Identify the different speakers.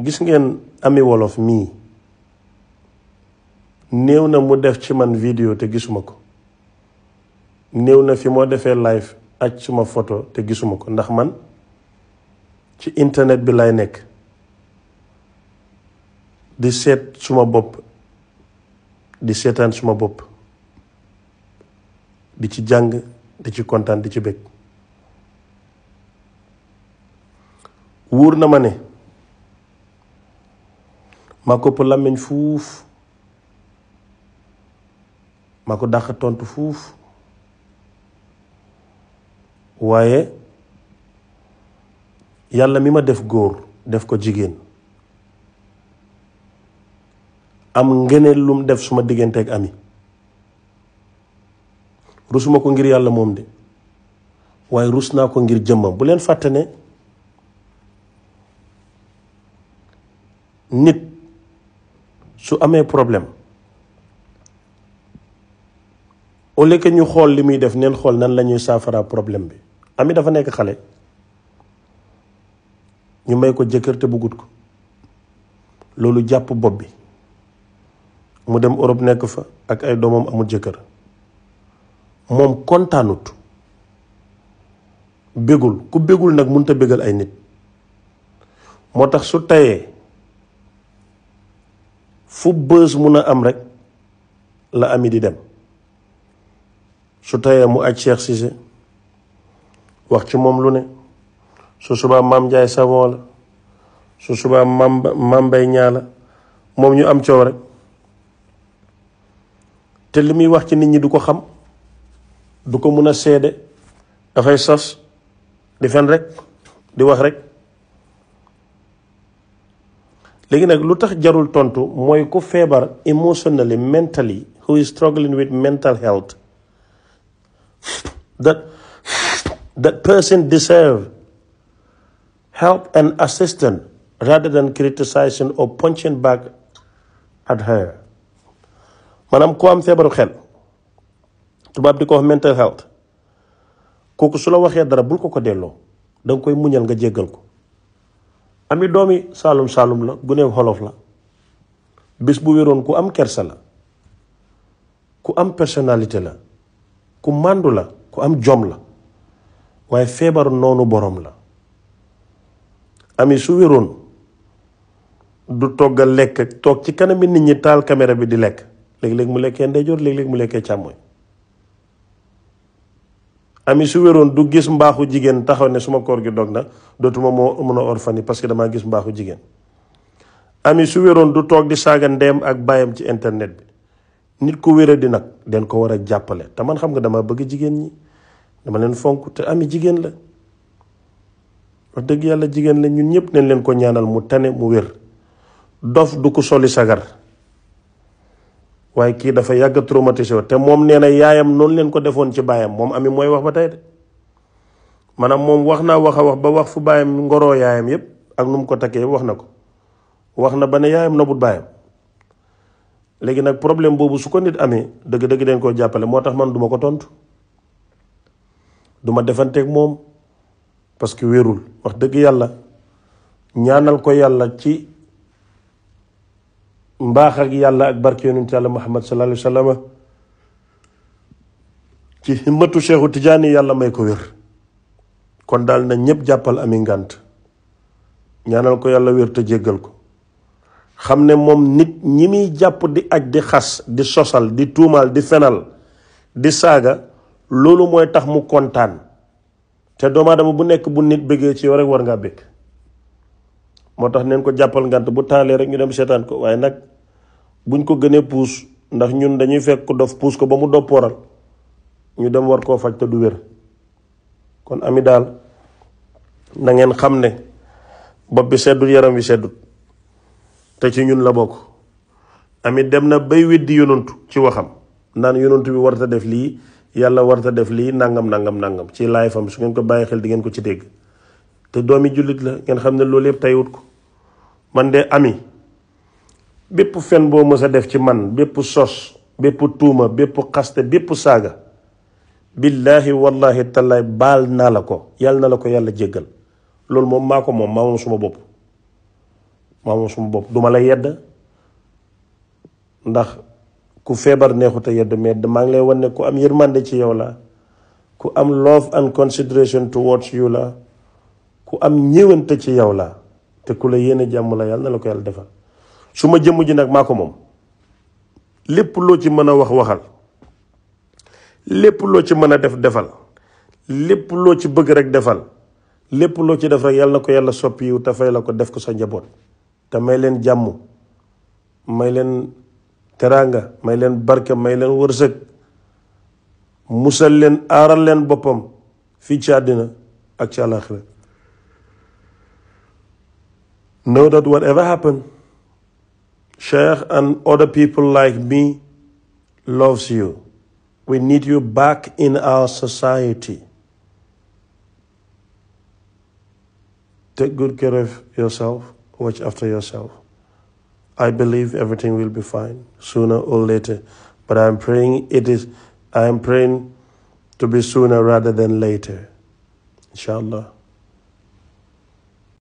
Speaker 1: gis ngeen Ami Wolof mii néew na mu def ci man vidéo te gisuma ko néew na fi moo defee live ak suma photo te gisuma ko ndax man ci internet bi lay nekk di seet suma bopp di seetaan suma bopp di ci jàng di ci kontaan di ci bëgg wóor na ma ne maa ko lammiñ fuuf maa ko dàq tontu fuuf waaye yàlla mi ma def góor def ko jigéen am ngeneen lum def suma digganteeg ami rusuma ko ngir yàlla moom de waaye rus naa ko ngir jëmmam bu leen fàtte ne nit su amee problème au lieu ñu xool li muy def neen xool nan la ñuy saafara problème bi ami dafa nekk xale ñu may ko jëkkër te bëggut ko loolu jàpp bopp bi mu dem Europe nekk fa ak ay doomam amul jëkkër moom kontaanut bégul ku bégul nag mënut a bégal ay nit moo tax su tayee fu bës mun a am rek la ami di dem su tayee mu aj Cheikh Cissé wax ci moom lu ne su subaa maam Ndiaye Savon la su subaa maam maam Mbaye moom ñu am coow rek te li muy wax ci nit ñi du ko xam du ko mun a seede dafay sos di fen rek di wax rek léegi nag lu jarul tontu mooy ku feebar emotionally mentally who is struggling with mental health that that person deserve help and assistance rather than criticizing or punching back at her maanaam ku am feebaru xel tubaab di ko wax mental health kooku su la waxee dara bul ko ko delloo danga koy muñal nga jéggal ko ami doomi saalum saalum la guneew xolof la bis bu wéroon ku am kerse la ku am personnalité la ku màndu la ku am jom la waaye feebar noonu boroom la ami su wéroon du togg lekk toog ci kanami nit ñi taal caméra bi di lekk léeg-léeg mu lekkee ndeyjoor léeg-léeg mu lekkee càmmoñ ami su wéroon du gis mbaaxu jigéen taxaw ne suma koor gi dog na dootuma moo mën a or fan yi parce que damaa gis mbaaxu jigéen ami su wéroon du toog di saaga ndeyam ak baayam ci internet bi nit ku wére di nag den ko war a jàppale te man xam nga dama bëgg jigéen ñi dama leen fonk te ami jigéen la wax dëgg yàlla jigéen la ñun ñëpp nañ leen ko ñaanal mu tane mu wér dof du ko soli sagar waaye kii dafa yàgg a traumatisé te moom nee na yaayam noonu leen ko defoon ci baayam moom ami mooy wax ba tay de maanaam moom wax naa wax a ba wax fu baayam ngoro yaayam yëpp ak nu mu ko takkee wax na ko wax na ba ne yaayam nobut baayam léegi nag problème boobu su ko nit amee dëgg-dëgg den koo jàppale moo tax man duma ko tontu duma defanteeg moom parce que wérul wax dëgg yàlla ñaanal ko yàlla ci mbaax ak yàlla ak barke yonent yàlla muhammad sallallahu alayhi wa sallam ci yàlla may ko wér kon daal na ñépp jàppal ami ngant ñaanal ko yàlla wér te jéggal ko xam ne moom nit ñi muy jàpp di aj di xas di sosal di tuumaal di fenal di saaga loolu mooy tax mu kontaan te doomu aadama bu nekk bu nit bëggee ci yow rek war bëgg moo tax neen ko jàppal ngant bu taalee rek ñu dem seetaan ko waaye nag buñ ko gënee puus ndax ñun dañuy fekk dof puus ko ba mu doppooral ñu dem war koo faj te du wér kon ami daal na xam ne bopp bi seddut yaram wi seddut te ci ñun la bokk amit dem na bay weddi yonantu ci waxam naan yonantu bi warta def lii yàlla warta def lii nangam nangam nangam ci laay fam su ngeen ko bàyyi xel di ngeen ko ci dégg te doomi jullit la ngeen xam ne loolu yëpp tey wut ko man de ami bépp fen boo mës a def ci man bépp sos bépp tuuma bépp xaste bépp saaga billaahi wallaahi tallaay baal naa la ko yàlla na la ko yàlla jéggal loolu moom maa ko moom maa moom suma bopp maa moom suma bopp duma la yedd ndax ku feebar neexut a yedd mais maa ngi lay wan ne ku am yërmande ci yow la ku am love and consideration towards you la ku am ñëwante ci yow la te ku la yéene jàmm la yàlla na la ko yàlla defal suma jëm ji nak mako mom lepp lo ci mën wax waxal lepp lo ci def defal lepp lo ci bëgg rek defal lepp lo ci def rek yalla nako yalla soppi yiw ta fay la ko def ko sa njabot ta may len jamm may len teranga may len barke may len wërseuk musal len aral len bopam fi ci adina ak ci alakhirah know that whatever happened Cher and other people like me loves you. We need you back in our society. Take good care of yourself. Watch after yourself. I believe everything will be fine sooner or later. But I'm praying it is I am praying to be sooner rather than later. Inshallah.